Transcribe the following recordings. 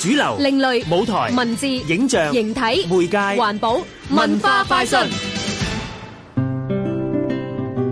主流、另類舞台、文字、影像、形體、媒介、環保、文化快訊。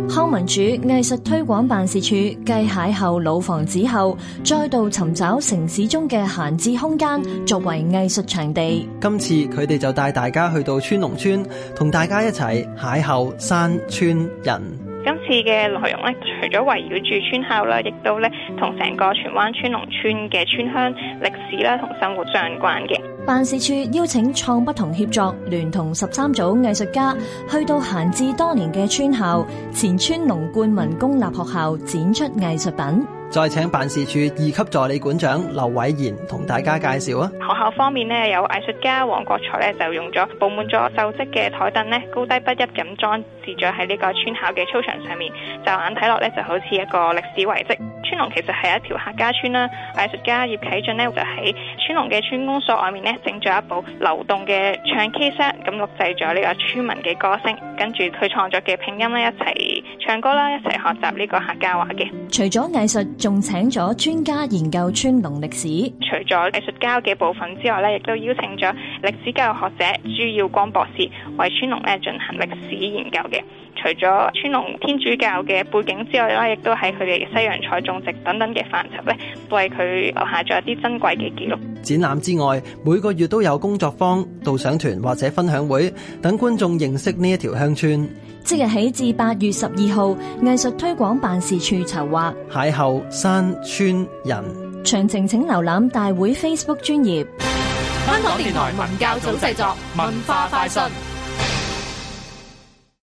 康文署藝術推廣辦事處繼邂逅老房子後，再度尋找城市中嘅閒置空間作為藝術場地。今次佢哋就帶大家去到川龍村，同大家一齊邂逅山村人。今次嘅內容咧，除咗圍繞住村校啦，亦都咧同成個荃灣川龍村嘅村鄉歷史啦同生活相關嘅。辦事處邀請創不同協作，聯同十三組藝術家，去到閒置多年嘅村校前川龍冠民公立學校展出藝術品。再請辦事處二級助理館長劉偉賢同大家介紹啊！學校方面呢，有藝術家黃國才咧，就用咗布滿咗鏽跡嘅枱凳呢，高低不一咁裝置咗喺呢個村口嘅操場上面，驟眼睇落咧就好似一個歷史遺跡。村龍其實係一條客家村啦，藝術家葉啟俊呢，就喺村龍嘅村公所外面呢，整咗一部流動嘅唱 K set，咁錄製咗呢個村民嘅歌聲，跟住佢創作嘅拼音呢，一齊唱歌啦，一齊學習呢個客家話嘅。除咗藝術。仲請咗專家研究川龍歷史，除咗藝術家嘅部分之外咧，亦都邀請咗歷史教育學者朱耀光博士為川龍咧進行歷史研究嘅。除咗川龍天主教嘅背景之外啦，亦都喺佢哋西洋菜種植等等嘅範疇咧，為佢留下咗一啲珍貴嘅記錄。展覽之外，每個月都有工作坊、導賞團或者分享會等觀眾認識呢一條鄉村。即日起至八月十二號，藝術推廣辦事處籌劃邂逅。山村人，詳情請瀏覽大會 Facebook 專頁，香港電台文教組製作，文化快訊。